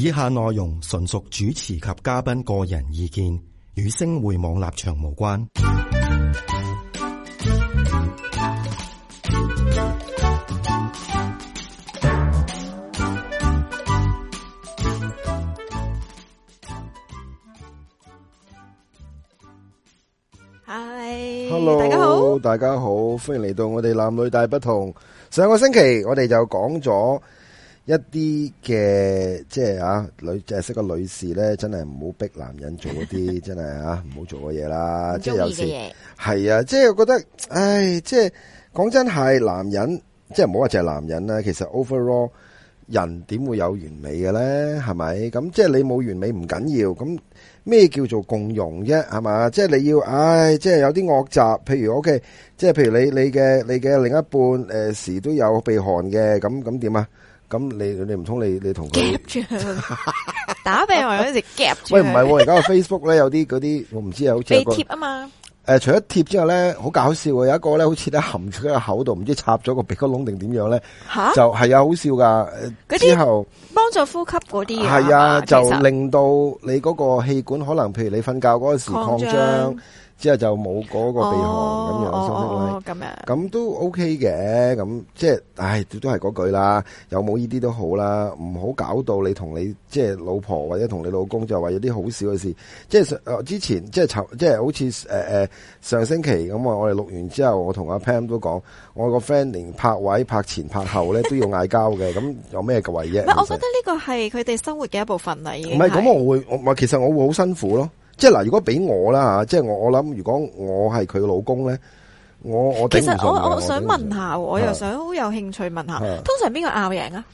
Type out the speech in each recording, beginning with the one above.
以下內容純屬主持及嘉賓個人意見，與星匯網立場無關。Hi, Hello，大家好，大家好，歡迎嚟到我哋男女大不同。上個星期我哋就講咗。一啲嘅即係啊，女，淨係識個女士咧，真係唔好逼男人做嗰啲 真係啊，唔好做嘅嘢啦。即係有時係 啊，即係我覺得唉，即係講真係男人，即係唔好話淨係男人啦。其實 overall 人點會有完美嘅咧？係咪咁？即係你冇完美唔緊要，咁咩叫做共融啫？係嘛？即係你要唉，即係有啲惡習，譬如 OK，即係譬如你你嘅你嘅另一半誒、呃、時都有鼻鼾嘅，咁咁點啊？咁你你唔通你你同佢夾住， 打鼻鼾一直夾喂，唔係喎，而家個 Facebook 咧有啲嗰啲，我唔知好有好似個貼啊嘛。誒，除咗貼之後咧，好搞笑啊！有一個咧，好似咧含住個口度，唔知插咗個鼻哥窿定點樣咧，蛤就係啊，好笑噶。之後幫助呼吸嗰啲後，係啊，啊就令到你嗰個氣管可能，譬如你瞓覺嗰個時擴張。擴張之後就冇嗰個鼻鼾咁、oh, 樣，哦咁、oh, oh, oh, 樣，咁都 OK 嘅，咁即係，唉，都係係嗰句啦，有冇呢啲都好啦，唔好搞到你同你即係老婆或者同你老公就話有啲好少嘅事，即係、呃、之前即係即係好似誒誒，上星期咁啊，我哋錄完之後，我同阿 Pam 都講，我個 friend 連拍位、拍前、拍後咧都要嗌交嘅，咁 有咩嘅位啫？不其實 我覺得呢個係佢哋生活嘅一部分嚟，唔係咁我會，我其實我會好辛苦咯。即係嗱，如果俾我啦吓，即係我我諗，如果我係佢嘅老公咧，我我其實我我想問下，我，我又想好有興趣問下，是通常邊個拗贏啊？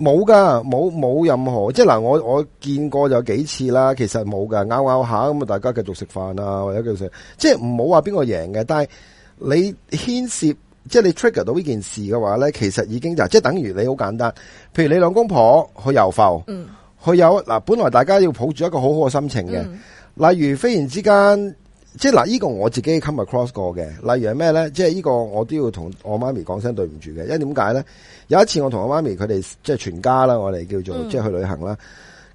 冇噶，冇冇任何，即係嗱，我我見過有幾次啦，其實冇噶，拗拗下咁啊，大家繼續食飯啊，或者繼續食，即係唔好話邊個贏嘅，但係你牽涉，即係你 trigger 到呢件事嘅話咧，其實已經就即係等於你好簡單，譬如你兩公婆去游浮，佢、嗯、去有嗱，本來大家要抱住一個好好嘅心情嘅。嗯例如，忽然之間，即係嗱，呢個我自己 come across 過嘅。例如係咩咧？即係呢個我都要同我媽咪講聲對唔住嘅，因為點解咧？有一次我同我媽咪佢哋即係全家啦，我哋叫做、嗯、即係去旅行啦。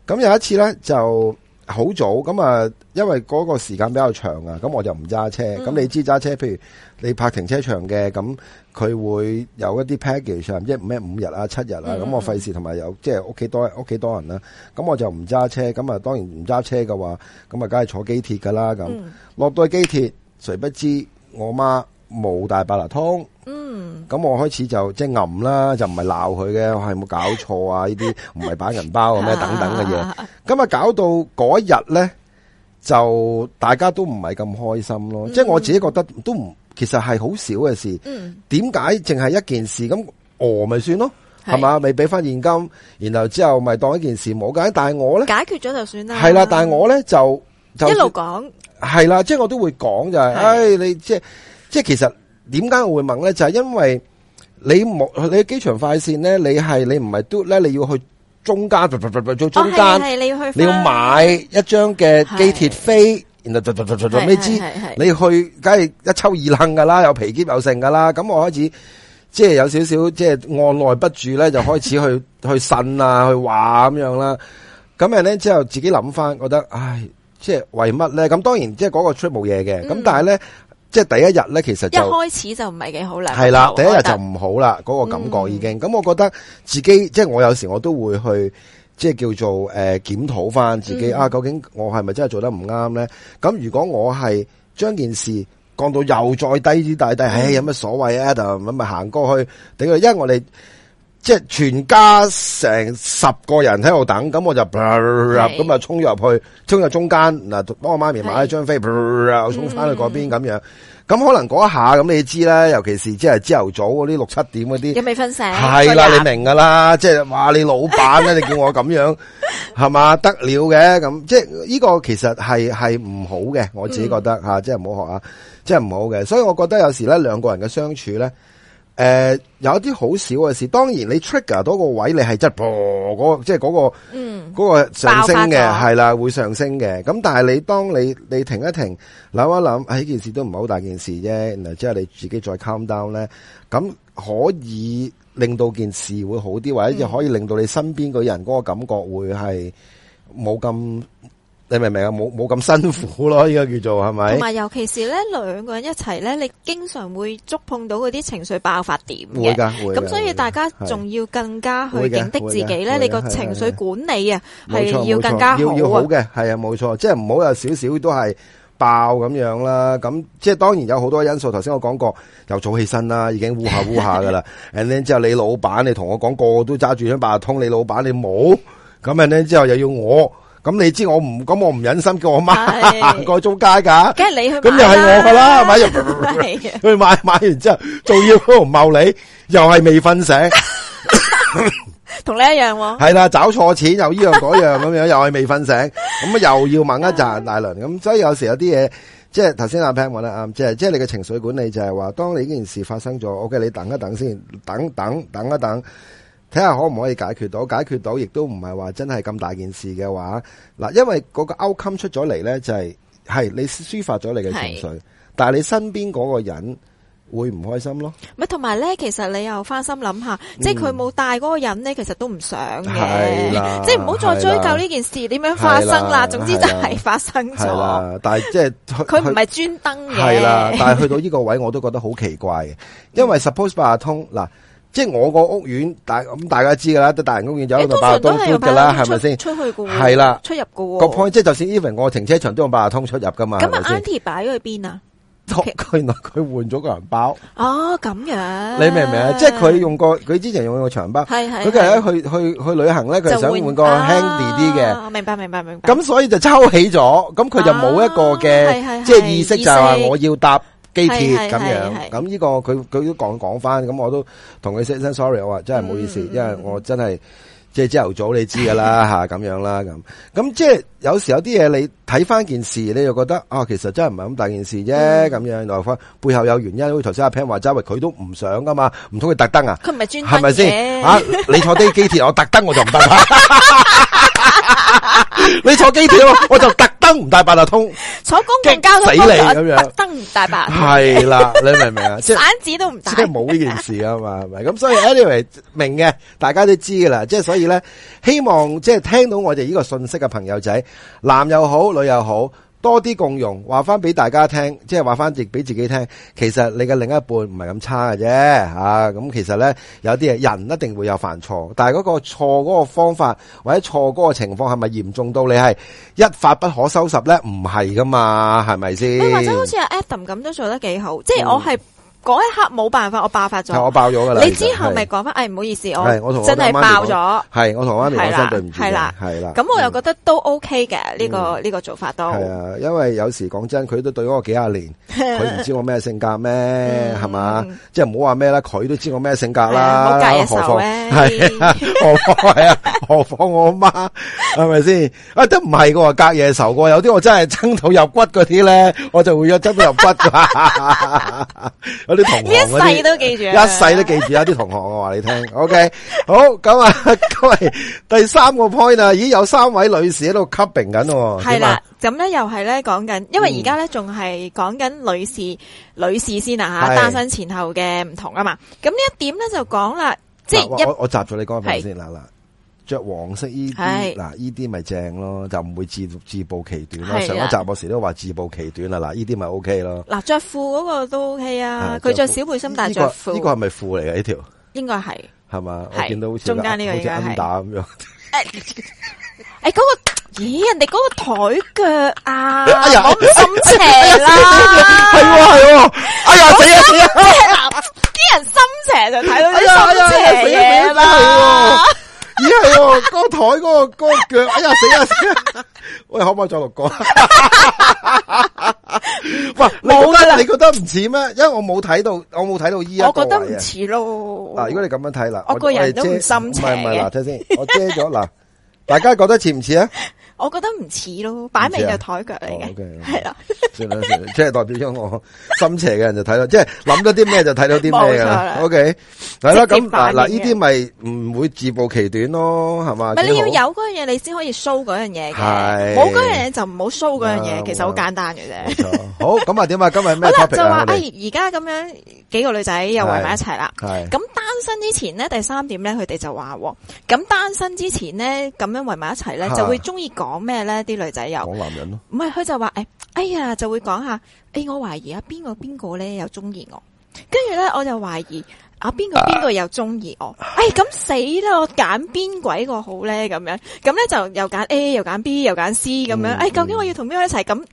咁有一次咧就。好早咁啊，因為嗰個時間比較長啊，咁我就唔揸車。咁你知揸車，譬如你泊停車場嘅，咁佢會有一啲 package，即係五咩五日啊、七日啊，咁我費事同埋有即係屋企多屋企多人啦。咁我就唔揸車，咁啊當然唔揸車嘅話，咁啊梗係坐機鐵噶啦。咁落到去機鐵，誰不知我媽冇帶八達通。嗯，咁我開始就即係吟啦，就唔係鬧佢嘅，係冇搞錯啊！呢啲唔係擺銀包啊咩等等嘅嘢。咁啊搞到嗰一日咧，就大家都唔係咁開心咯。即係我自己覺得都唔，其實係好少嘅事。嗯，點解淨係一件事咁我咪算咯，係嘛？未俾翻現金，然後之後咪當一件事冇解。但係我咧解決咗就算啦，係啦。但係我咧就就一路講係啦，即係我都會講就係，唉，你即係即係其實。點解我會問咧？就係、是、因為你冇你機場快線咧，你係你唔係嘟咧，你要去中間，中間、哦，你要去，你要買一張嘅機鐵飛，的然後你知你去，梗係一抽二愣噶啦，有皮尖有剩噶啦，咁我開始即係有少少即係按耐不住咧，就開始去 去呻啊，去話咁、啊、樣啦。咁誒咧之後自己諗翻，覺得唉，即係為乜咧？咁當然即係嗰個 trip 冇嘢嘅，咁、嗯、但係咧。即係第一日咧，其實就一開始就唔係幾好啦。係啦的，第一日就唔好啦，嗰、嗯、個感覺已經。咁我覺得自己，即係我有時我都會去，即係叫做誒檢討翻自己、嗯、啊，究竟我係咪真係做得唔啱咧？咁如果我係將件事降到又再低啲、嗯、低低，唉、哎，有乜所謂啊？咁咪行過去。頂佢，因為我哋。即係全家成十個人喺度等，咁我就咁啊是衝咗入去，衝入中間嗱，幫我媽咪買一張飛，是我衝翻去嗰邊咁、嗯、樣。咁可能嗰一下咁你知啦，尤其是即係朝頭早嗰啲六七點嗰啲，有未瞓醒係啦了入，你明噶啦，即係話你老闆咧，你叫我咁樣係嘛，得了嘅咁，即係呢、呢個其實係係唔好嘅，我自己覺得吓，即係唔好學啊，即係唔好嘅。所以我覺得有時咧，兩個人嘅相處咧。誒、呃，有啲好少嘅事，當然你 trigger 到個位，你係即係即係嗰個，嗰、那個嗯、個上升嘅，係啦發會上升嘅。咁但係你當你你停一停，諗一諗，喺、哎、件事都唔係好大件事啫。然後之後你自己再 calm down 咧，咁可以令到件事會好啲，或者可以令到你身邊個人嗰個感覺會係冇咁。你明唔明啊？冇冇咁辛苦咯，依家叫做係咪？同埋尤其是咧，兩個人一齊咧，你經常會觸碰到嗰啲情緒爆發點會會噶，會咁，所以大家仲要更加去警惕自己咧。你個情緒管理啊，係要更加好嘅。係啊，冇錯，即係唔好有少少都係爆咁樣啦。咁即係當然有好多因素。頭先我講過，又早起身啦，已經烏下烏下噶啦。之後你老闆，你同我講個個都揸住張八達通，老闆你老闆你冇咁樣呢，And then, 之後又要我。咁你知我唔咁我唔忍心叫我媽行過租街噶，梗係你去，咁又係我噶啦，買入去買買完之後，仲要唔謀你，又係未瞓醒，同你一樣喎。係啦，找錯錢又依樣嗰樣咁樣，又係未瞓醒，咁啊又要猛一賺大輪，咁所以有時有啲嘢，即係頭先阿 Pen 講得啱，即係即係你嘅情緒管理就係話，當你呢件事發生咗，OK，你等一等先，等等等一等。睇下可唔可以解決到？解決到亦都唔係話真係咁大件事嘅話，嗱，因為嗰個 outcome 出咗嚟咧，就係係你抒發咗你嘅情緒，是但係你身邊嗰個人會唔開心咯？咪同埋咧，其實你又花心諗下，即係佢冇帶嗰個人咧，其實都唔想嘅，嗯、即係唔好再追究呢件事點、嗯、樣發生啦。總之就係發生咗，但係即係佢唔係專登嘅。係啦，啦，但係去到呢個位我都覺得好奇怪嘅，嗯、因為 suppose 八達通嗱。嗯即係我個屋苑，大咁大家知噶啦，都大型屋苑就有八達通噶啦，係咪先？出去噶，係啦，出入噶。個 point 即係就算，even 我停車場都有八達通出入噶嘛。咁啊，Auntie 擺咗去邊啊？佢原來佢換咗個銀包。哦，咁樣，你明唔明啊？即係佢用個佢之前用個長包，係佢今日去去去旅行咧，佢想換個輕啲啲嘅。明白明白明白。咁所以就抽起咗，咁佢就冇一個嘅，即係意識就係話我要搭。機鐵咁樣，咁呢個佢佢都講講翻，咁我都同佢 say 聲 sorry，我話真係唔好意思，因為我真係即係朝頭早你知噶啦吓，咁樣啦咁，咁即係有時有啲嘢你睇翻件事，你就覺得啊，其實真係唔係咁大件事啫，咁樣原來背後有原因，好似頭先阿 pen 話，周圍佢都唔想噶嘛，唔通佢特登啊？佢唔係專係咪先？啊，你坐低機鐵，我特登我就唔得啦。 你坐機票，我就特登唔帶八達通，坐公共交通死你咁樣，特登唔帶八達，係啦，你明唔明啊？ 即係散紙都唔帶，即係冇呢件事啊嘛，係咪？咁所以 anyway 明嘅，大家都知噶啦，即係所以咧，希望即係聽到我哋呢個信息嘅朋友仔，男又好，女又好。多啲共用，話翻俾大家聽，即係話翻直俾自己聽。其實你嘅另一半唔係咁差嘅啫，吓、啊、咁其實咧有啲嘢人一定會有犯錯，但係嗰個錯嗰個方法或者錯嗰個情況係咪嚴重到你係一發不可收拾咧？唔係噶嘛，係咪先？或者好似阿 Adam 咁都做得幾好，即係我係。嗰一刻冇辦法，我爆發咗。係我爆咗噶啦。你之後咪講翻，哎唔好意思，我真係爆咗。係我同阿媽對唔住。係啦，係啦。咁我又覺得都 OK 嘅呢個呢個做法都係啊，因為有時講真，佢都對我幾廿年，佢唔知我咩性格咩，係嘛？即係唔好話咩啦，佢都知我咩性格啦。唔好隔夜仇咩？係何況係啊？何況我媽係咪先？啊，都唔係噶，隔夜仇。有啲我真係爭到入骨嗰啲咧，我就會要爭到入骨。啲同學，一世都記住，一世都記住啊！啲同學， 我話你聽，OK？好咁啊，咁係 第三個 point 啊，已經有三位女士喺度 copy 緊喎，係啦的，咁咧樣又係咧講緊，因為而家咧仲係講緊女士，嗯、女士先啊吓，單身前後嘅唔同啊嘛，咁呢的一點咧就講啦，即係一我我集咗你嗰個先啦啦。着黃色衣，嗱呢啲咪正咯，就唔會自自暴其短咯。上一集我時都話自暴其短啦，嗱呢啲咪 O K 咯。嗱着褲嗰個都 O K 啊，佢着小背心，但係着褲。呢個係咪褲嚟嘅呢條？應該係係嘛？我見到中間呢個好似 under 咁樣。誒，嗰個咦？人哋嗰個台腳啊，好心邪啦，係喎係喎，哎呀死啊！啲人心邪就睇到啲心邪嘢啦。咦，係哦，個枱嗰個腳，嗰個嗰個，哎呀死啊死啊！喂，可唔可以再錄過？喂，冇啦， 你覺得唔似咩？因為我冇睇到，我冇睇到依一啊。我覺得唔似咯。嗱、啊，如果你咁樣睇啦，我個人都唔心。唔係唔係，嗱睇先，我遮咗嗱， 大家覺得似唔似啊？我覺得唔似咯，擺尾就台腳嚟嘅，係啦，即係代表咗我心邪嘅人就睇到，即係諗到啲咩就睇到啲咩啊。OK，係 啦，咁嗱呢啲咪唔會自暴其短咯，係嘛？你要有嗰樣嘢，你先可以 show 嗰樣嘢嘅，冇嗰樣嘢就唔好 show 嗰樣嘢，yeah，其實好簡單嘅啫。好，咁啊點啊？今日咩？就話哎，而家咁樣。幾個女仔又圍埋一齊啦，咁單身之前咧，第三點咧，佢哋就話，咁單身之前咧，咁樣圍埋一齊咧，就會中意講咩咧？啲女仔又講男人咯，唔係佢就話，誒、哎，哎呀，就會講下，誒、哎，我懷疑啊，邊個邊個咧又中意我，跟住咧，我就懷疑啊，邊個邊、呃、個又中意我，哎，咁死啦，我揀邊鬼個好咧，咁樣，咁咧就又揀 A 又揀 B 又揀 C 咁樣，哎，究竟我要同邊個一齊咁？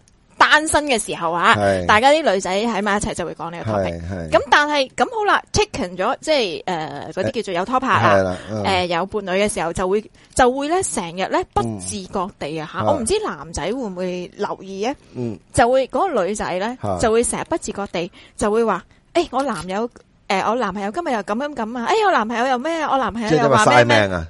單身嘅時候啊，是大家啲女仔喺埋一齊就會講呢個 topic。咁但係咁好啦 taken 咗，即係誒嗰啲叫做有拖拍啊，誒、欸嗯呃、有伴侶嘅時候就會就會咧成日咧不自覺地啊吓，嗯、我唔知男仔會唔會留意啊，嗯、就會嗰、嗰個女仔咧就會成日不自覺地、嗯、就會話，誒、欸、我男友誒、呃、我男朋友今日又咁樣咁啊，誒、欸、我男朋友又咩我男朋友又話咩咩。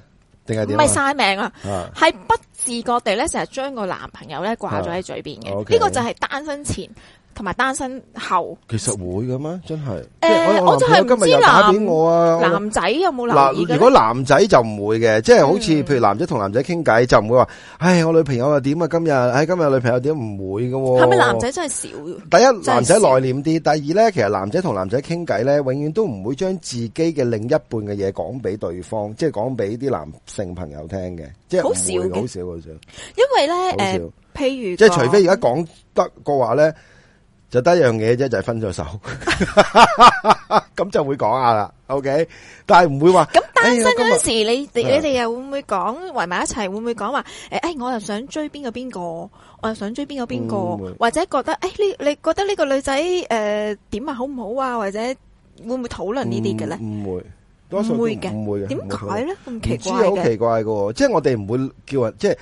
唔係嘥命啊，係不自覺地咧，成日將個男朋友咧掛咗喺嘴邊嘅，呢、啊 okay、個就係單身前。同埋單身後，其實會㗎咩？真係誒，我就係今日打俾我啊男仔有冇留意？嗱，如果男仔就唔會嘅，即係好似譬如男仔同男仔傾偈，就唔會話，唉，我女朋友又點啊？今日，唉，今日女朋友點？唔會嘅喎。係咪男仔真係少？第一，男仔內斂啲，第二咧，其實男仔同男仔傾偈咧，永遠都唔會將自己嘅另一半嘅嘢講俾對方，即係講俾啲男性朋友聽嘅，即係好少嘅，好少嘅，好少。因為咧誒，譬如即係除非而家講得個話咧。就得一樣嘢啫，就係分咗手，咁就會講下啦。OK，但係唔會話咁單身嗰陣時，你你你哋又會唔會講圍埋一齊？會唔會講話誒？我又想追邊個邊個，我又想追邊個邊個，或者覺得誒，你你覺得呢個女仔誒點啊？好唔好啊？或者會唔會討論呢啲嘅咧？唔會，唔會嘅，唔會嘅。點解咧？咁奇怪嘅？好奇怪嘅，即係我哋唔會叫人，即係。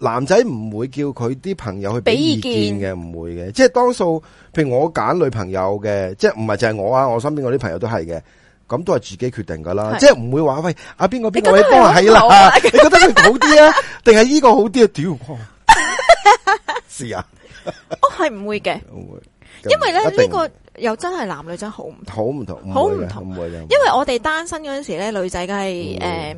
男仔唔會叫佢啲朋友去俾意見嘅，唔會嘅，即係多數，譬如我揀女朋友嘅，即係唔係淨係我啊，我身邊我啲朋友都係嘅，咁都係自己決定噶啦，即係唔會話，喂啊，邊個邊個你幫我係啦，你覺得佢好啲啊，定係呢個好啲啊？屌，是啊，哦係唔會嘅，唔會，因為咧，呢個又真係男女仔好唔同，好唔同，好唔同，因為我哋單身嗰陣時咧，女仔梗係誒。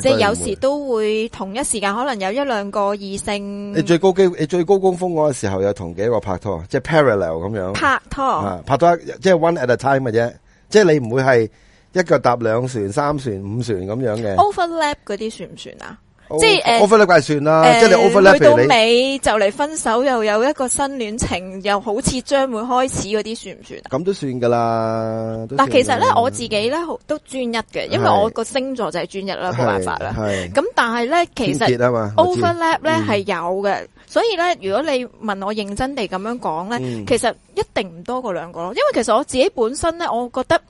即係有時都會同一時間可能有一兩個異性。你最高機，你最高高峰個時候有同幾個拍拖，即係 parallel 咁樣拍拖，啊。拍拖，拍拖即係 one at a time 嘅啫，即係你唔會係一腳踏兩船、三船、五船咁樣嘅。overlap 啲算唔算啊？即係 overlap 算啦，即係 overlap 去到尾就嚟分手，又有一個新戀情，又好似將會開始嗰啲，算唔算啊？咁都算噶啦。但，其實咧我自己咧都專一嘅，因為我個星座就係專一啦，冇辦法啦。係。咁但係咧，其實 overlap 咧係有嘅。所以咧，如果你問我認真地咁樣講咧，其實一定唔多過兩個咯。因為其實我自己本身咧，我覺得。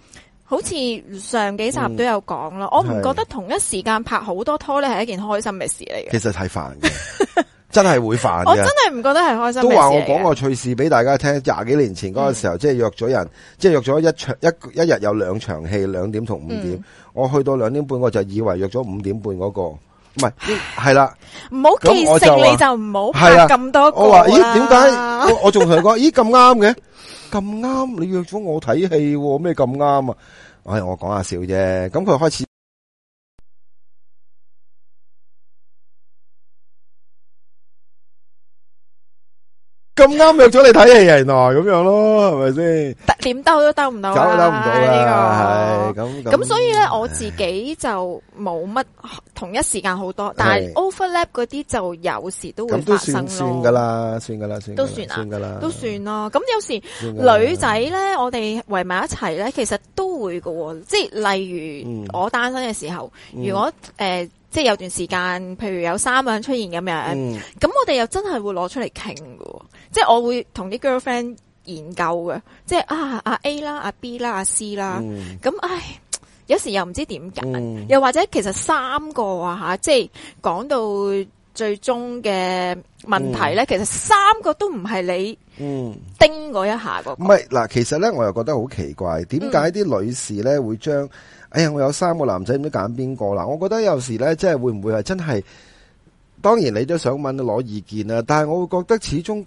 好似上幾集都有講囉。我唔覺得同一時間拍好多拖咧係一件開心嘅事嚟嘅。其實係煩嘅，真係會煩嘅。我真係唔覺得係開心。都話我講個趣事俾大家聽，廿幾年前嗰個時候，即係約咗人，即係約咗一場一一日有兩場戲，兩點同五點。我去到兩點半，我就以為約咗五點半嗰個，唔係係啦。唔好記性你就唔好拍咁多個啦。我話咦點解？我仲同佢講咦咁啱嘅，咁啱你約咗我睇戲，咩咁啱啊？我係我講下笑啫，咁佢開始。咁啱約咗你睇戲人嚟，咁樣咯，係咪先？點兜都兜唔到，兜都兜唔到啦。係咁。咁所以咧，我自己就冇乜同一時間好多，但係 overlap 嗰啲就有時都會發生，都算算噶啦，算噶啦，算都算啊，算噶啦，都算咯。咁有時女仔咧，我哋圍埋一齊咧，其實都會噶，即係例如我單身嘅時候，如果誒，即係有段時間，譬如有三個人出現咁樣，咁我哋又真係會攞出嚟傾噶。即係我會同啲 girlfriend 研究嘅，即係啊阿 A 啦、嗯、阿 B 啦、阿 C 啦，咁唉有時又唔知點揀，嗯、又或者其實三個啊吓，即係講到最終嘅問題咧，嗯、其實三個都唔係你叮嗰一下，嗰個。唔係嗱，其實咧我又覺得好奇怪，點解啲女士咧會將，哎呀，我有三個男仔，唔知揀邊個啦？我覺得有時咧，即係會唔會係真係？當然你都想問攞意見啦，但係我會覺得始終。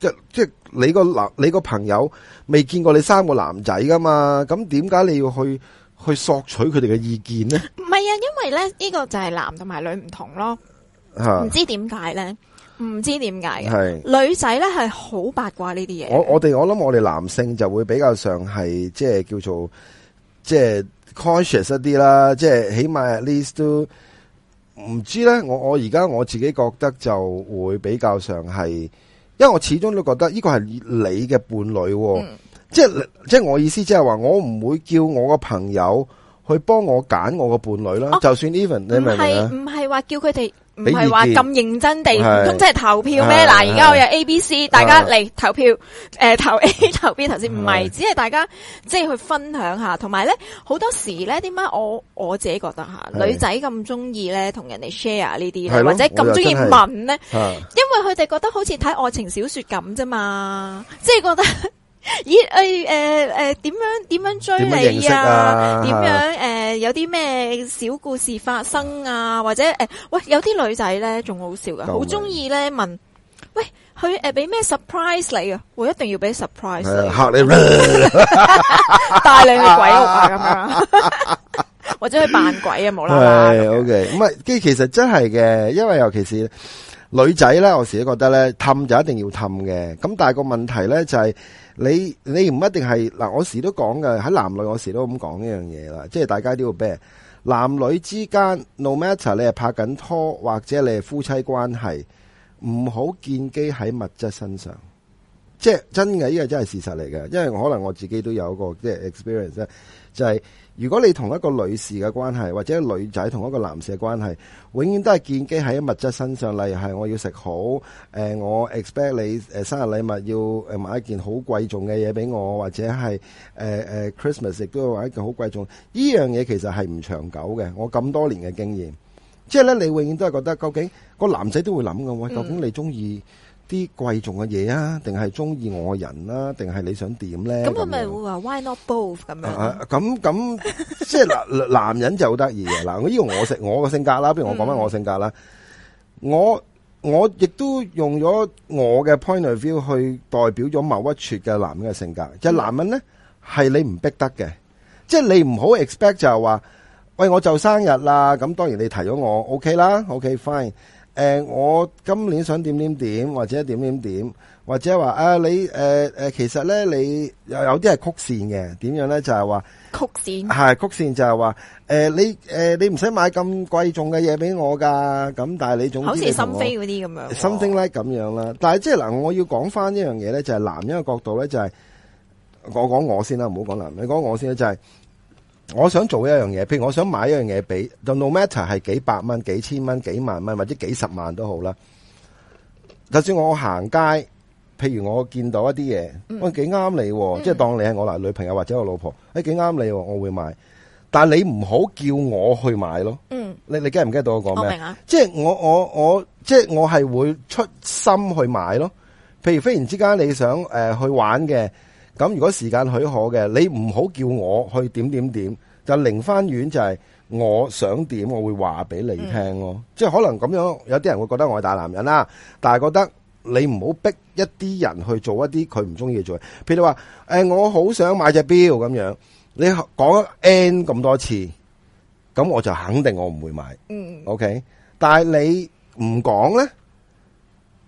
即即係你個男你個朋友未見過你三個男仔噶嘛？咁點解你要去去索取佢哋嘅意見呢？唔係啊，因為咧呢、呢個就係男同埋女唔同咯，唔是、啊、知點解咧？唔知點解係女仔咧係好八卦呢啲嘢。我我哋我諗我哋男性就會比較上係即係叫做即係 cautious 一啲啦。即係起碼 at least 都唔知咧。我我而家我自己覺得就會比較上係。因為我始終都覺得呢個係你嘅伴侶，哦嗯即，即係即係我意思就係話，即係話我唔會叫我個朋友去幫我揀我個伴侶啦，哦、就算 even 你明唔明啊？唔係唔係話叫佢哋。唔係話咁認真地，即係投票咩？嗱，而家我有 A、B、C，大家嚟投票，誒是，投 A、投 B、頭先唔係，只係大家即係去分享下，同埋咧好多時咧，點解我我自己覺得吓是女仔咁中意咧同人哋 share 呢啲，的或者咁中意問咧，因為佢哋覺得好似睇愛情小說咁啫嘛，即係覺得。咦？誒誒誒，點樣點樣追你啊？點樣誒？有啲咩小故事發生啊？或者誒，喂，有啲女仔咧仲好笑噶，好中意咧，問，喂，佢誒俾咩 surprise 你啊？我一定要俾 surprise 吓你，帶你去鬼屋啊，咁樣或者去扮鬼啊，冇啦。O K 咁啊，即係其實真係嘅，因為尤其是女仔咧，我自己覺得咧，氹就一定要氹嘅。咁但係個問題咧就係。你你唔一定係嗱，我時都講嘅喺男女，我時都咁講呢樣嘢啦，即係大家都要俾男女之間 no matter 你係拍緊拖或者你係夫妻關係，唔好建基喺物質身上，即係真嘅呢個真係事實嚟嘅，因為可能我自己都有一個即係 experience 咧、就係，就係。如果你同一個女士嘅關係，或者女仔同一個男士嘅關係，永遠都係建基喺物質身上。例如係我要食好，呃、我 expect 你、呃、生日禮物要買一件好貴重嘅嘢俾我，或者係、呃呃、Christmas 亦都要買一件好貴重。呢樣嘢其實係唔長久嘅。我咁多年嘅經驗，即係咧，你永遠都係覺得究竟個男仔都會諗嘅，喂，究竟你中意啲貴重嘅嘢啊，定係中意我嘅人啦，定係你想點咧？咁係咪會話，why not both，咁樣？咁咁即係嗱，男人就好得意嘅嗱。我依個我性我嘅性格啦，不如我講翻我性格啦。我我亦都用咗我嘅 point of view 去代表咗某一撮嘅男人嘅性格，就係男人咧，係你唔逼得嘅，即係你唔好 expect，就係話，喂，我就生日啦。咁當然你提咗我，OK 啦，OK fine。誒，我今年想點點點，或者點點點，或者話啊，你誒誒，其實咧你有有啲係曲線嘅，點樣咧就係話曲線係曲線就係話誒，你誒，你唔使買咁貴重嘅嘢俾我噶，咁但係你總好似心飛嗰啲咁樣，心聲 like 咁樣啦。但係即係嗱，我要講翻一樣嘢咧，就係男人嘅角度咧，就係我講我先啦，唔好講男人，你講我先啦，就係。我想做一樣嘢，譬如我想買一樣嘢俾，就 no matter 係幾百蚊、幾千蚊、幾萬蚊，或者幾十萬都好啦。就算我行街，譬如我見到一啲嘢，我幾啱你喎，嗯、即係當你係我女朋友或者我老婆，誒幾啱你喎，我會買。但係你唔好叫我去買咯。嗯，你你驚唔驚到我講咩？明啊，即係我我我即係我係會出心去買咯。譬如忽然之間你想誒、呃、去玩嘅。咁如果時間許可嘅，你唔好叫我去點點點，就拎返遠就係我想點，我會話俾你聽咯。即係可能咁樣，有啲人會覺得我係大男人啦，但係覺得你唔好逼一啲人去做一啲佢唔中意嘅做嘢。譬如話誒，我好想買隻表咁樣，你講 N 咁多次，咁我就肯定我唔會買。嗯，OK，但係你唔講呢。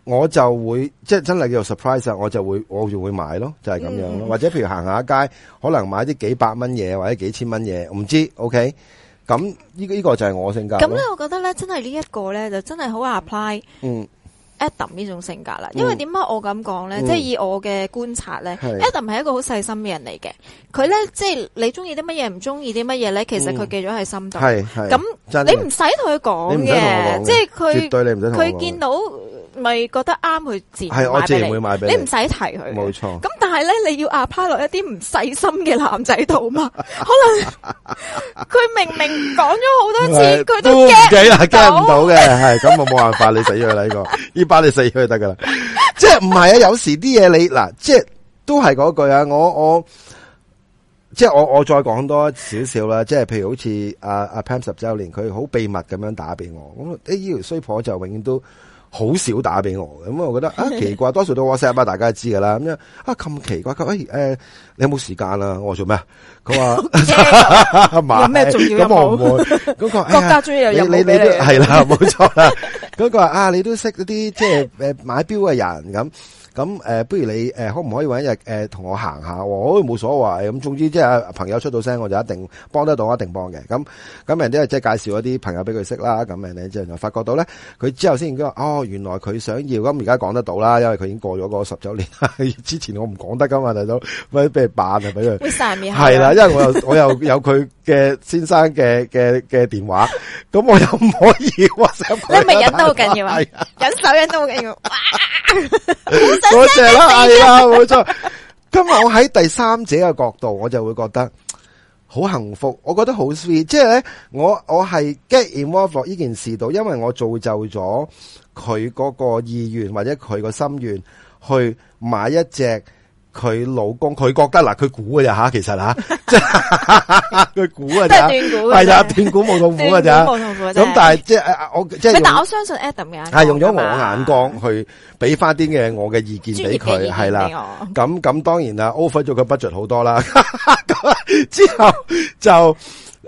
我就會即係真係叫做 surprise 我就會我就會買咯，就係、是、咁樣、嗯、或者譬如行下街，可能買啲幾百蚊嘢或者幾千蚊嘢，唔知 OK？咁呢呢個就係我性格。咁咧，我覺得咧，真係呢一個咧，就真係好 apply 嗯 Adam 呢種性格啦。因為點解我咁講咧？嗯、即係以我嘅觀察咧、嗯、Adam 係一個好細心嘅人嚟嘅。佢咧即係你中意啲乜嘢唔中意啲乜嘢咧？其實佢記咗喺心底。係咁，你唔使同佢講嘅，講即係佢絕對你唔使同佢講。佢見到。咪覺得啱佢接，係我自然會買俾你，你唔使提佢。冇錯錯。咁但係咧，你要 apply 落一啲唔細心嘅男仔度嘛？ 可能佢明明講咗好多次，佢是都驚唔到嘅。係咁，我冇辦法，你死咗啦呢個，要把你死咗就得噶啦。即係唔係啊？有時啲嘢你嗱，即係都係嗰句啊！我我即係我我再講多少少啦。即係譬如好似阿阿潘十周年，佢好秘密咁樣打俾我。咁呢條衰婆就永遠都。好少打俾我，咁我覺得啊奇怪， 多數都 WhatsApp 啊，大家知㗎啦，咁樣啊咁奇怪，咁誒誒，你有冇時間啦、啊？我做咩啊？佢話 有咩重要嘅冇？嗰個、嗯哎、呀國家重有任務，你你都係啦，冇錯啦。嗰個啊，你都識嗰啲即係誒買錶嘅人咁咁誒，不如你誒、嗯、可唔可以搵日誒同我行下？我都冇所謂咁，總之即係朋友出到聲，我就一定幫得到，一定幫嘅。咁、嗯、咁人哋即係介紹一啲朋友俾佢識啦。咁誒，之後又發覺到咧，佢之後先佢話哦，原來佢想要咁，而家講得到啦，因為佢已經過咗個十週年。之前我唔講得噶嘛，大佬，喂，俾佢扮係咪啊？係啦他。的 因為我又我又有佢嘅先生嘅嘅嘅電話，咁我又唔可以。想你咪忍到好緊要 啊！忍手忍到好緊要。多謝啦，係啊， 冇錯、哎呀。 今日我喺第三者嘅角度，我就會覺得好幸福。我覺得好 sweet，即係咧，我我係 get involved 呢件事度，因為我造就咗佢嗰個意願或者佢個心願，去買一隻。佢老公佢覺得嗱，佢估嘅咋，吓，其實吓，即係佢估嘅，係啊，斷估冇痛苦嘅咋。冇痛苦。咁但係即係我即係，但我相信 Adam 嘅係用咗我眼光去俾翻啲嘅我嘅意見俾佢，係啦。咁咁當然啦 offer 咗佢 budget 好多啦。 之後就誒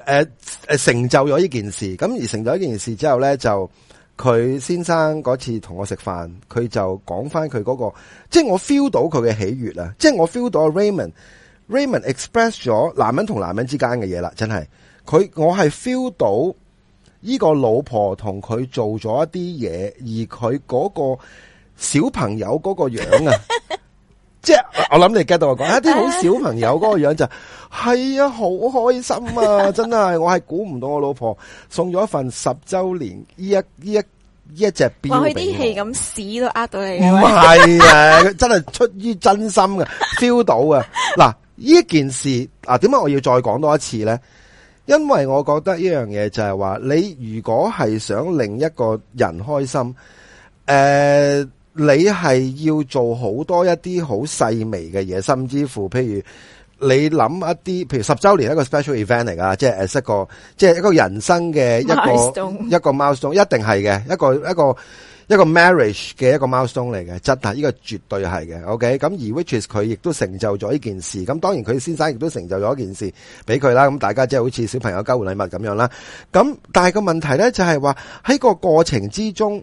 誒、呃、成就咗呢件事，咁而成就一件事之後咧就。佢先生嗰次同我食飯，佢就講翻佢嗰個，即係我 feel 到佢嘅喜悦啦，即係我 feel 到 Raymond，Raymond express 咗男人同男人之間嘅嘢啦，真係。佢我係 feel 到依個老婆同佢做咗一啲嘢，而佢嗰個小朋友嗰個樣啊！ 即係我諗你記得我講一啲好小朋友嗰個樣就係、是、 啊好開心啊真係，我係估唔到我老婆送咗一份十周年呢一，呢一，呢一隻錶俾我，佢啲戲咁屎都呃到你，唔係啊， 真係出於真心嘅 feel 到啊。嗱呢一件事啊，點解我要再講多一次咧？因為我覺得呢樣嘢就係話你如果係想令一個人開心，誒、呃。你係要做好多一啲好細微嘅嘢，甚至乎譬如你諗一啲，譬如十周年一個 special event 嚟噶，即係一個，即係一個人生嘅一個 Stone 一個 milestone，一定係嘅，一個一個一個 marriage 嘅一個 milestone 嚟嘅，真係呢個絕對係嘅。OK，咁而 Wishes 佢亦都成就咗呢件事，咁當然佢先生亦都成就咗一件事俾佢啦。咁大家即係好似小朋友交換禮物咁樣啦。咁但係個問題咧就係話喺個過程之中，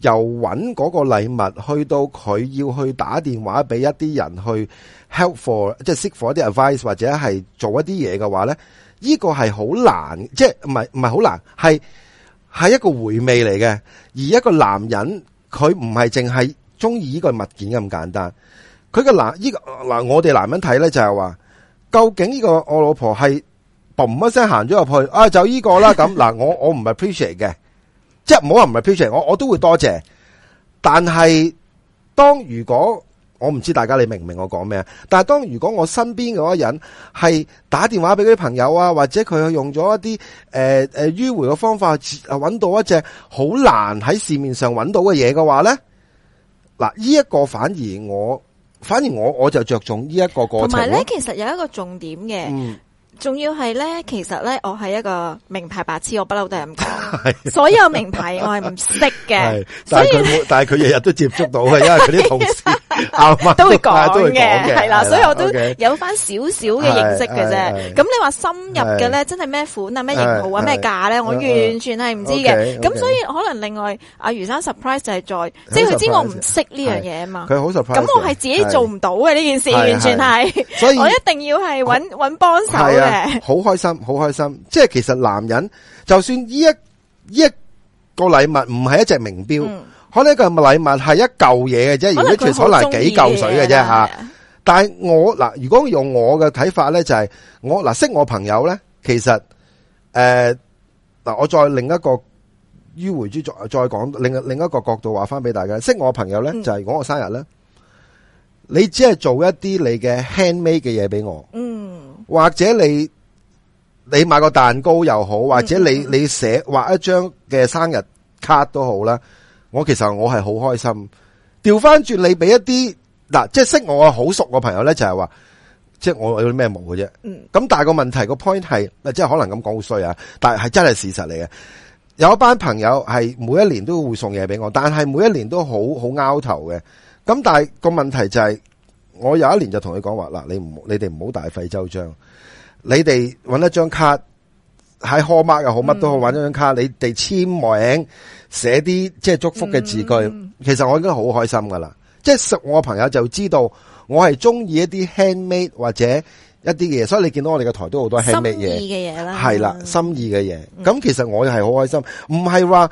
又揾嗰個禮物，去到佢要去打電話俾一啲人去 help for 即係 seek for 一啲 advice 或者係做一啲嘢嘅話咧，呢、呢個係好難，即係唔係唔係好難，係係一個回味嚟嘅。而一個男人佢唔係淨係中意呢個物件咁簡單，佢、個男呢個嗱，我哋男人睇咧就係、係、話，究竟呢個我老婆係嘣一聲行咗入去啊，就呢個啦咁嗱，我我唔係 appreciate 嘅。即係唔好話唔係飄出嚟，我我都會多謝。但係當如果我唔知，大家你明唔明我講咩？但係當如果我身邊嗰個人係打電話俾佢啲朋友啊，或者佢用咗一啲誒誒迂回嘅方法，揾到一隻好難喺市面上揾到嘅嘢嘅話呢，嗱，呢一個反而我反而我我就着重呢一個過程。同埋呢，其實有一個重點嘅，仲，嗯、要係呢，其實呢，我係一個名牌白痴，我不嬲都係咁。所有名牌我係唔識嘅，所以但係佢日日都接觸到嘅，因為佢啲同事都會講嘅，係啦，所以我都有翻少少嘅認識嘅啫。咁你話深入嘅咧，真係咩款啊、咩型號啊、咩價咧，我完全係唔知嘅。咁所以可能另外阿余生 surprise 就係在，即係佢知我唔識呢樣嘢啊嘛。佢好 surprise，咁我係自己做唔到嘅呢件事，完全係，所以我一定要係揾揾幫手嘅。好開心，好開心。即係其實男人就算依一。一個禮物唔係一隻名錶，嗯、可能一個禮物係一嚿嘢嘅啫，可能佢好中意嘅啫吓。但係我嗱，如果用我嘅睇法咧，就是，就係我嗱識我朋友咧，其實誒嗱、呃，我再另一個迂回之再再講另另一個角度話翻俾大家，識我朋友咧就係、講嗯、我生日咧，你只係做一啲你嘅 handmade 嘅嘢俾我，嗯、或者你。你買個蛋糕又好，或者你你寫畫一張嘅生日卡都好啦。我其實我係好開心。調翻轉，你俾一啲嗱，即係識我好熟個朋友呢，就係話，即係我有啲咩冇嘅啫。嗯。咁但係個問題個 point 係，即係可能咁講好衰啊，但係真係事實嚟嘅。有一班朋友係每一年都會送嘢俾我，但係每一年都好好拗頭嘅。咁但係個問題就係，我有一年就同佢講話嗱，你唔你哋唔好大費周章。你哋揾一張卡喺 Hallmark 又好，乜都好，揾一張卡，嗯、你哋簽名寫啲即係祝福嘅字句。其實我已經好開心噶啦，即係、嗯、我朋友就知道我係中意一啲 handmade 或者一啲嘢，所以你見到我哋嘅台都好多 handmade 嘢。係啦，心意嘅嘢。咁的、嗯、其實我又係好開心，唔係話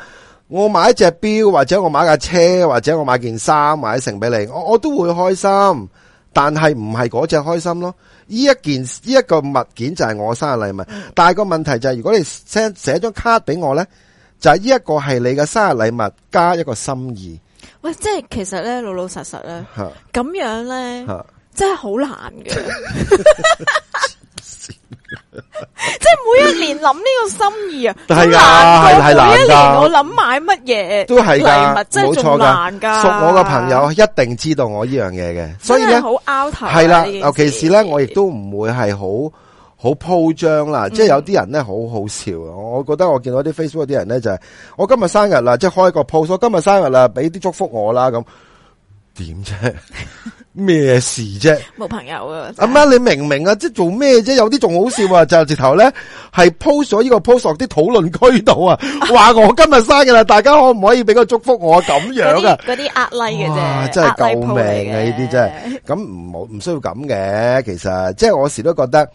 我買一隻錶或者我買架車或者我買一件衫買成俾你，我我都會開心，但係唔係嗰隻開心咯。呢一件呢一個物件就係我生日禮物，但係個問題就係如果你寫寫張卡俾我咧，就係呢一個係你嘅生日禮物加一個心意。喂，即係其實咧老老實實咧，咁是樣咧，即係好難嘅。 即係每一年諗呢個心意啊，係係係難每一年我諗買乜嘢都係禮物，冇真係仲難噶。熟我嘅朋友一定知道我呢樣嘢嘅，所以咧好 out 係啦。尤其是咧，我亦都唔會係好好鋪張啦。嗯、即係有啲人咧好好笑啊！我覺得我見到啲 Facebook 嗰啲人咧就係、是、我今日生日啦，即、就、係、是、開個 post。我今日生日啦，俾啲祝福我啦咁，點啫？ 咩事啫？冇朋友啊！阿媽，你明唔明啊？即係做咩啫？有啲仲好笑啊！ 就直頭咧係 post 咗呢個 post 啲討論區度啊，話 我今日生日啦，大家可唔可以俾個祝福我？咁樣啊？嗰啲壓 like 嘅啫，真係救命啊！呢啲真係咁唔好，唔需要咁嘅。其實即係我時都覺得。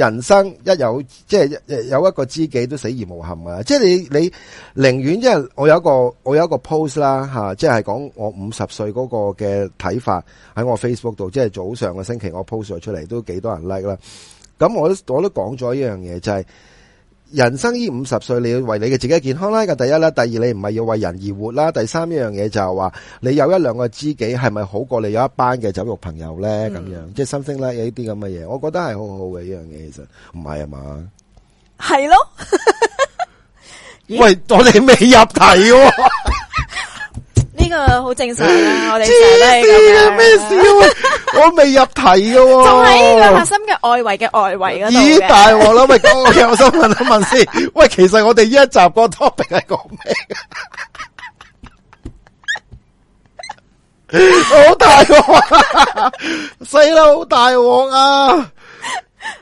人生一有即係、就是、有一個知己都死而無憾啊！即、就、係、是、你你寧願即係我有一個我有一個 post 啦、啊、吓，即係講我五十歲嗰個嘅睇法喺我 Facebook 度，即、就、係、是、早上個星期我 post 咗出嚟，都幾多人 like 啦。咁我我都講咗一樣嘢就係、是。人生於五十歲，你要為你嘅自己健康啦。咁第一啦，第二你唔係要為人而活啦。第三一樣嘢就係、是、話，你有一兩個知己，係咪好過你有一班嘅酒肉朋友咧？咁、嗯、樣即係心聲啦，有呢啲咁嘅嘢，我覺得係好好嘅呢樣嘢。其實唔係啊嘛，係是咯。 喂，我哋未入題、啊。這個好正常啊，欸、我哋就係咁樣，啊啊。咩事啊？ 我未入題嘅喎，仲喺呢個核心嘅外圍嘅外圍啊。度嘅。咦，大鑊，諗下講，說我， 我想心問一問，問先。喂，其實我哋呢一集個 topic 係講咩？ 好大鑊，細佬好大鑊啊！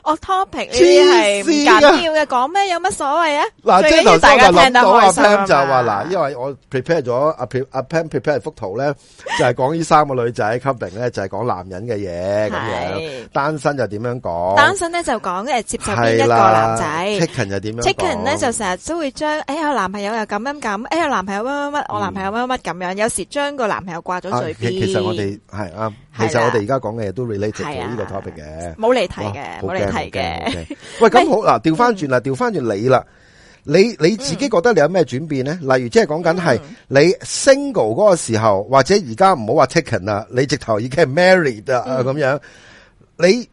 我 topic 呢啲係唔緊要嘅，講咩有乜所謂啊？嗱，即大家聽到啊，Pam 就話嗱，因為我 prepare 咗啊 Pam 啊 Pam prepare 幅圖咧，就係講呢三個女仔 c o p e i n g 咧，就係講男人嘅嘢咁樣，單身又點樣講？單身咧就講誒，接受一個男仔，chicken 又點樣？chicken 咧就成日都會將誒，我男朋友又咁樣咁，誒，我男朋友乜乜乜，我男朋友乜乜乜咁樣，有時將個男朋友掛咗嘴邊。其實我哋係啱。其實我哋而家講嘅嘢都 related 呢個 topic 嘅，冇離題嘅，冇離題嘅。 喂，咁好嗱，調翻轉啦，調翻轉你啦，你你自己覺得你有咩轉變咧？嗯、例如說的是，即係講緊係你 single 嗰個時候，或者而家唔好話 taken 你直頭已經係 married 啊咁樣，嗯、你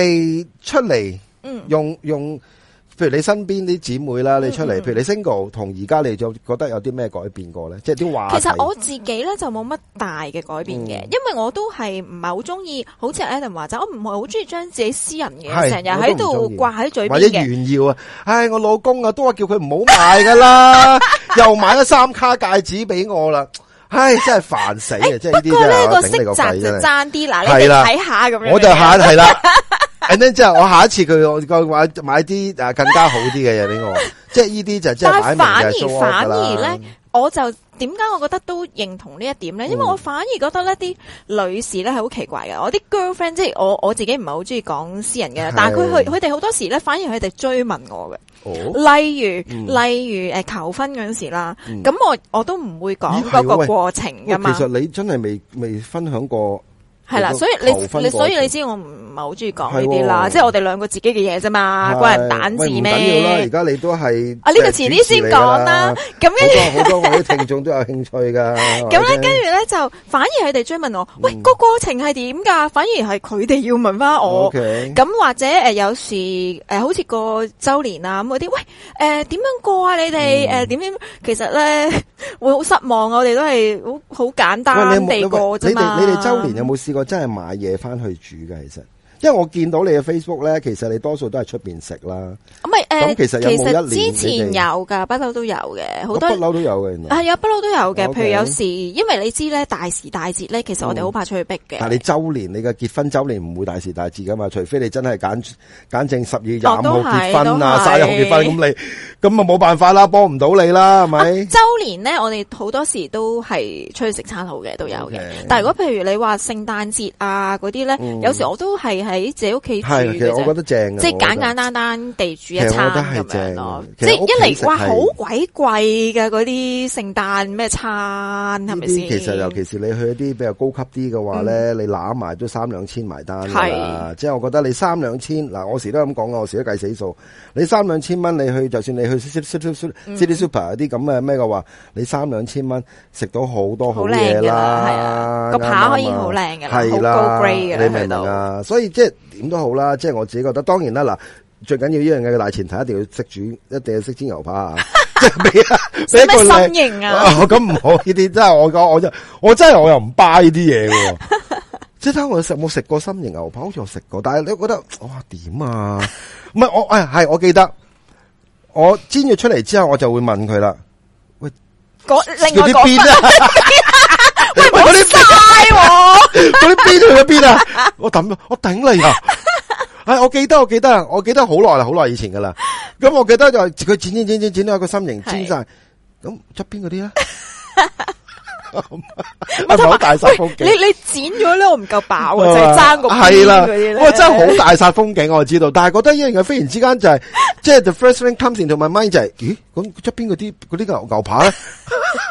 哋出嚟，嗯，用用。譬如你身邊啲姊妹啦，你出嚟，譬如你 single 同而家你就覺得有啲咩改變過咧？即係啲話。其實我自己咧就冇乜大嘅改變嘅，嗯、因為我都係唔係好中意，好似 Eden 話就，我唔係好中意將自己私人嘅成日喺度掛喺嘴邊。或者炫耀啊，唉、哎，我老公啊，都話叫佢唔好買噶啦， 又買咗三卡戒指俾我啦。唉，真係煩死嘅， 欸、即係呢啲就頂你個肺真係，睇下咁啦，我就下係啦，咁咧之後我下一次佢我買話買啲更加好啲嘅嘢俾我， 即係呢啲就真係但係反而反而咧，我就。點解我覺得都認同呢一點咧？因為我反而覺得咧，啲女士咧係好奇怪嘅。我啲 girlfriend 即係我我自己唔係好中意講私人嘅，的但係佢佢哋好多時咧反而佢哋追問我嘅。哦、例如、嗯、例如誒求婚嗰時啦，咁、嗯、我我都唔會講嗰個過程噶嘛。其實你真係未未分享過。係啦，所以你你所以你知我唔係好中意講呢啲啦，即係我哋兩個自己嘅嘢啫嘛，關人膽事咩？唔緊要啦，而家你都係啊，呢個遲啲先講啦。咁跟住好多我啲聽眾都有興趣噶。咁咧，跟住咧就反而佢哋追問我，喂個過程係點噶？反而係佢哋要問翻我。咁或者誒有時誒好似個周年啊咁嗰啲，喂，誒點樣過啊？你哋誒點點？其實咧會好失望啊！我哋都係好好簡單咁地過啫嘛。你你你哋周年有冇試？如果真係買嘢翻去煮嘅，其實。因為我見到你嘅 Facebook 咧，其實你多數都係出邊食啦。咁係誒，其實其實之前有噶，不嬲都有嘅，好多不嬲都有嘅。係啊，不嬲都有嘅。譬如有時，因為你知咧大時大節咧，其實我哋好怕出去逼嘅。但係你周年，你嘅結婚周年唔會大時大節噶嘛？除非你真係揀揀正十二廿五結婚啊，卅一號結婚咁你咁啊，冇辦法啦，幫唔到你啦，係咪？周年咧，我哋好多時都係出去食餐好嘅，都有嘅。但係如果譬如你話聖誕節啊嗰啲咧，有時我都係。喺自己屋企煮嘅啫，即係簡簡單單地煮一餐咁樣咯。即係一嚟，哇，好鬼貴嘅嗰啲聖誕咩餐，係咪先？其實尤其是你去一啲比較高級啲嘅話咧，你攬埋都三兩千埋單啦。係，即係我覺得你三兩千，嗱，我時都咁講噶，我時都計死數。你三兩千蚊，你去就算你去 City Super 啲咁嘅咩嘅話，你三兩千蚊食到好多好嘢啦，係啊，個扒可以好靚嘅，係啦，你明啊？所以。即係點都好啦，即係我自己覺得，當然啦嗱，最緊要依樣嘅大前提，一定要識煮，一定要識煎牛扒啊！乜 心形啊？咁唔好呢啲真係我我我真係我又唔 buy 呢啲嘢喎。 即睇我有食冇食過心形牛扒好似我食過，但係你覺得我話點啊？唔係我係。哎，係我記得，我煎咗出嚟之後，我就會問佢啦，喂，嗰那另啲邊啊？喂！嗰啲晒我，啲邊去咗邊啊！我抌，啊，我頂你啊，係我記得，我記得，啊，我記得好耐啦，好耐以前噶啦。咁我記得就佢剪剪剪剪剪到一個心形，剪晒咁側邊嗰啲啊。唔好大煞風景，你你剪咗咧，我唔夠飽啊！爭個係啦，哇，真係好大煞風景，我知道。但係覺得一樣嘢，忽然之間就係，即係 the first thing comes into my mind 就係，咦？咁出邊嗰啲嗰啲牛牛扒咧，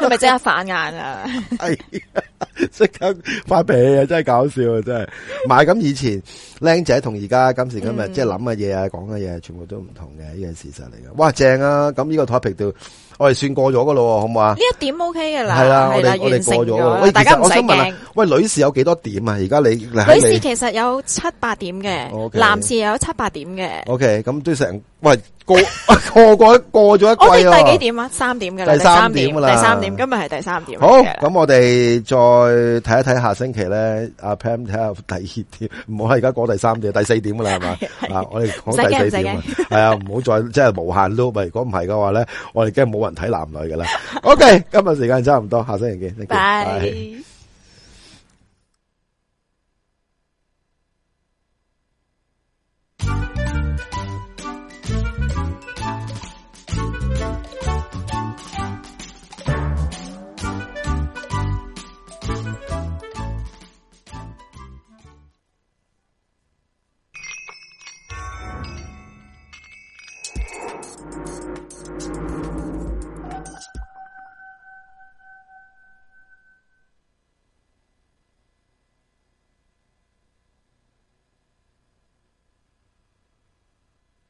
係咪即刻反眼啊？即刻發脾氣啊，真係搞笑啊！真係，唔係咁以前靚仔同而家今時今日即係諗嘅嘢啊，講嘅嘢全部都唔同嘅，呢件事實嚟嘅。哇，正啊！咁依個 topic 都。我哋算過咗噶咯，好唔好啊？呢一點 OK 嘅啦，係啦，完成咗，我哋過咗，大家唔使驚。喂，女士有幾多點啊？而家你，你女士其實有七八點嘅，Okay 男士有七八點嘅。OK，咁都成。喂，過過過咗一季咯。我哋第幾點啊？三點噶啦，第三點，第三點，今日係第三點。好，咁我哋再睇一睇下星期咧，阿 Pam 睇下第二點，唔好喺而家講第三點，第四點噶啦係嘛？啊，我哋講第四點，係啊，唔好再即係無限 loop 啊！如果唔係嘅話咧，我哋驚冇人睇男女噶啦。OK，今日時間差唔多，下星期見，拜拜。